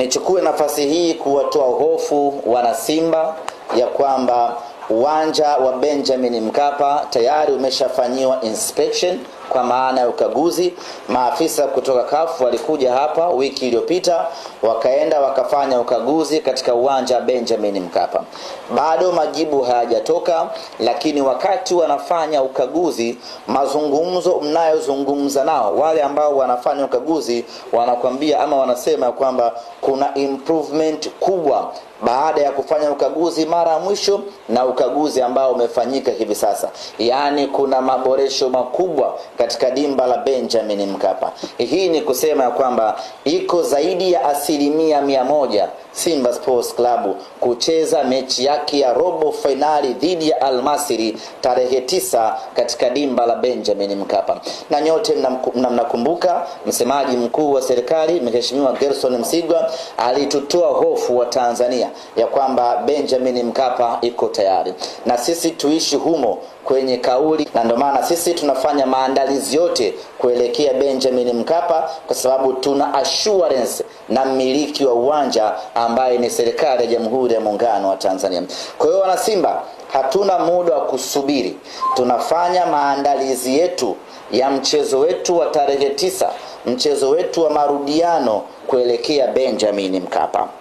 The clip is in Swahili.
Nichukue nafasi hii kuwatoa hofu wanasimba ya kwamba uwanja wa Benjamin Mkapa tayari umeshafanyiwa inspection kwa maana ya ukaguzi. Maafisa kutoka kafu walikuja hapa wiki iliyopita, wakaenda wakafanya ukaguzi katika uwanja wa Benjamin Mkapa. Bado majibu hayajatoka, lakini wakati wanafanya ukaguzi, mazungumzo mnayozungumza nao, wale ambao wanafanya ukaguzi wanakwambia ama wanasema kwamba kuna improvement kubwa baada ya kufanya ukaguzi mara ya mwisho na ukaguzi ambao umefanyika hivi sasa, yaani kuna maboresho makubwa katika dimba la Benjamin Mkapa. Hii ni kusema ya kwamba iko zaidi ya asilimia mia moja Simba Sports Club kucheza mechi yake ya robo fainali dhidi ya Almasiri tarehe tisa katika dimba la Benjamin Mkapa, na nyote mnakumbuka mna, msemaji mkuu wa serikali Mheshimiwa Gerson Msigwa alitutoa hofu wa Tanzania ya kwamba Benjamin Mkapa iko tayari na sisi tuishi humo kwenye kauli, na ndio maana sisi tunafanya maandalizi yote kuelekea Benjamin Mkapa kwa sababu tuna assurance na mmiliki wa uwanja ambaye ni serikali ya Jamhuri ya Muungano wa Tanzania. Kwa hiyo wanasimba, hatuna muda wa kusubiri, tunafanya maandalizi yetu ya mchezo wetu wa tarehe tisa, mchezo wetu wa marudiano kuelekea Benjamin Mkapa.